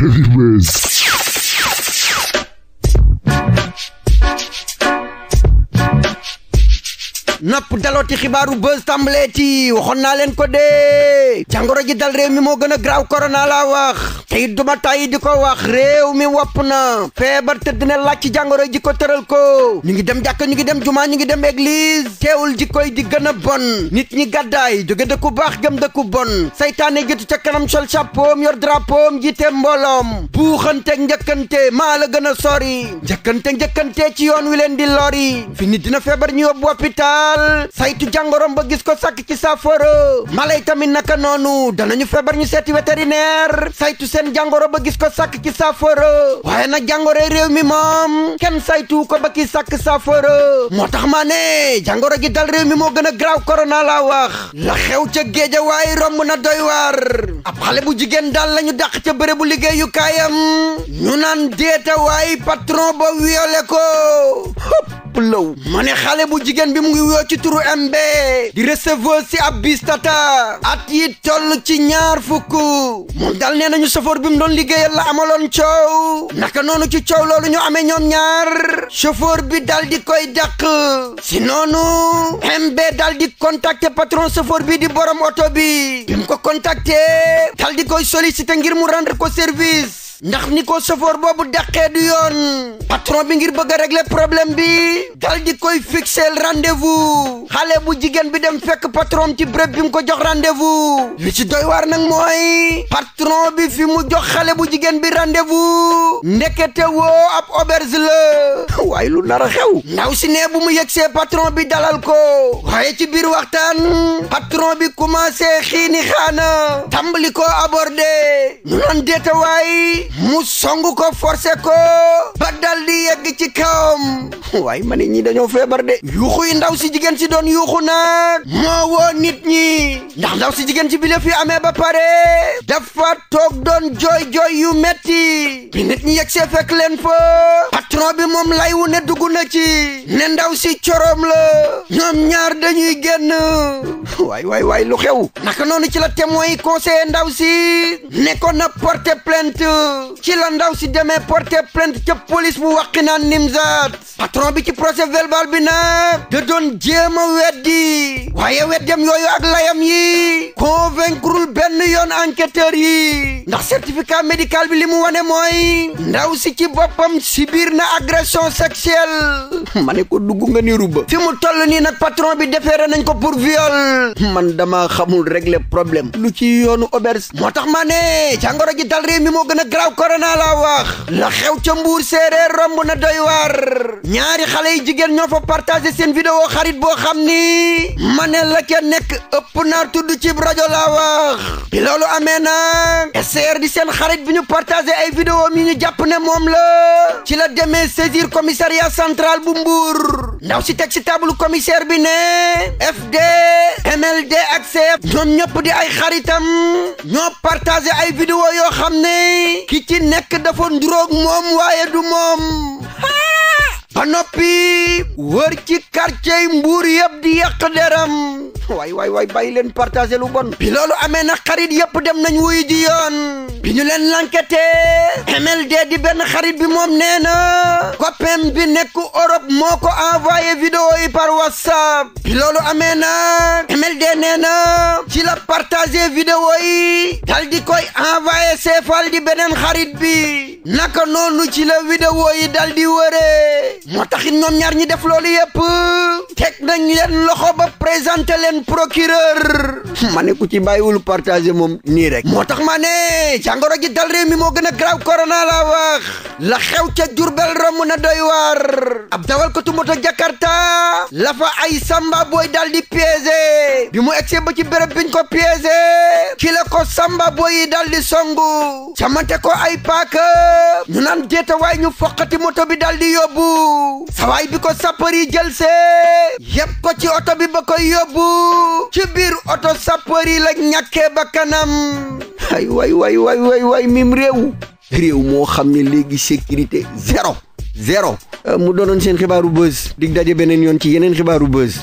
Heavy Mess. nopp dalooti xibaaru buzz tàmbalee ci waxoon naa leen ko dee jàngoro ji dal réew mi moo gën a graaw korona laa wax tey duma tàyyi di ko wax réew mi wapp na feebar tëdd na laaj ci jàngoro ji ko tëral ko ñu ngi dem jàkka ñu ngi dem jumaa ñu ngi dem église teewul ji koy di gën a bon nit ñi gàddaay jóge dëkku baax gëm dëkku bon saytaane jiitu ca kanam sol chapeau yor drapeau jiite mbooloom buuxante njëkkante maa la gën a sori njëkkante njëkkante ci yoon wi leen di lori dina feebar ñu yóbbu Sénégal saytu jàngoroom ba gis ko sàkk ci saafara mala yi tamit naka noonu danañu feebar ñu seeti vétérinaire saytu seen jàngoro ba gis ko sàkk ci saafara waaye na jàngoro réew mi moom kenn saytu ko ba ki sàkk saafara moo tax maa ne jàngoro ji dal réew mi moo gën a graaw corona laa wax la xew ca géeja waaye romb na doy waar ab xale bu jigéen daal lañu dàq ca bérébu liggéeyukaayam ñu naan déeta waaye patron ba wiole ko law ma ne xale bu jigéen bi mu ngi wuyoo ci turu MB di receveuse si ab bis tata at yi toll ci ñaar fukk moom dal nee nañu chauffeur bi mu doon liggéeyal la amaloon coow naka noonu ci coow loolu ñu amee ñoom ñaar chauffeur bi dal di koy dàq si noonu MB dal di contacter patron chauffeur bi di borom oto bi bi mu ko contacter dal di koy solliciter ngir mu rendre ko service ndax ni ko chauffeur boobu daqee du yoon patron bi ngir bëgg a régler bi dal di koy fixeel rendez-vous xale bu jigéen bi dem fekk patron ci béréb bi mu ko jox rendez-vous li ci doy waar nag mooy patron bi fi mu jox xale bu jigéen bi rendez-vous ndekete woo ab la waaye lu nar a xew ndaw si ne bu mu yëgsee patron bi dalal ko waaye ci biir waxtaan patron bi commencé xiini xaana tàmbali ko aborder ñu naan deetawaay mu song ko forcé ko ba dal di yegg ci kawam waaye ma ne ñi dañoo feebar de yuuxu yi ndaw si jigéen si doon yuuxu nag moo woo nit ñi ndax ndaw si jigéen ci bi la fi amee ba pare dafa toog doon jooy jooy yu metti bi nit ñi yegg see fekk leen fa patron bi moom lay wu ne dugg na ci ne ndaw si coroom la ñoom ñaar dañuy génn waay waay waay lu xew naka noonu ci la témoin yi conseillé ndaw si ne ko na porter plainte ci la ndaw si demee porter plainte ca police bu waqinaan nimzat patron bi ci procès verbal bi nag da doon jéem a weddi waaye am yooyu ak layam yi convaincrul benn yoon enquêteur yi ndax certificat médical bi li mu wane mooy ndaw si ci boppam subir na agression sexuelle ma ne ko dugg nga ni ruba fi mu toll nii nag patron bi defeere nañ ko pour viol man dama xamul régler problème lu ci yoonu auberge moo tax ma ne ji dal réew moo gën a graw waaw korona laa wax la xew ca mbuur séeréer romb na doy waar ñaari xale yi jigéen ñoo fa partagé seen vidéo xarit boo xam ni ma ne la ca nekk ëpp naa tudd ci rajo wax bi loolu amee na SR di seen xarit bi ñu partagé ay vidéo mi ñu jàpp ne moom la ci la demee saisir commissariat central bu mbuur ndaw si teg si table bi ne FD LD ak CF ñoom ñëpp di ay xaritam ñoo partagé ay vidéo yoo xam ne ki ci nekk dafa nduroog moom waaye du moom ba noppi wër ci quartier Mbuur yëpp di yàq deram waay waay waay bàyyi leen partagé lu bon bi loolu amee na xarit yëpp dem nañu wuyu ji yoon bi ñu leen lankete MLD di benn xarit bi moom nee na copain bi nekk Europe moo ko envoyé vidéo yi par WhatsApp bi loolu amee na MLD nee na ci la partagé vidéo yi dal di koy envoyé seefal di beneen xarit bi naka noonu ci la vidéo yi dal di wëree moo taxit ñoom ñaar ñi def loolu yëpp teg nañ leen loxo ba présenté leen procureur ma ne ku ci bàyyiwul partagé moom nii moo tax ma ne jàngoro ji dal réew mi moo gën a graw korona la wax la xew ca Jurbel romb na doy waar ab dawal ko tu moto Jakarta la fa ay samba booy dal di bi mu egsee ba ci béréb biñ ko piégé ki la ko samba booy yi dal di songu jamante ko ay paaka ñu naan déeta waay ñu foqati moto bi dal di yóbbu sawaay bi ko sapeur yi jël see ko ci oto bi ba koy yóbbu ci biir oto sapeur përi la ñàkkee ba kanam ay way way way way mim réw réew moo xam ne léegi sécurité zéro zéro euh, mu doonoon seen xibaaru buzz dig daje beneen yoon ci yeneen xibaaru buzz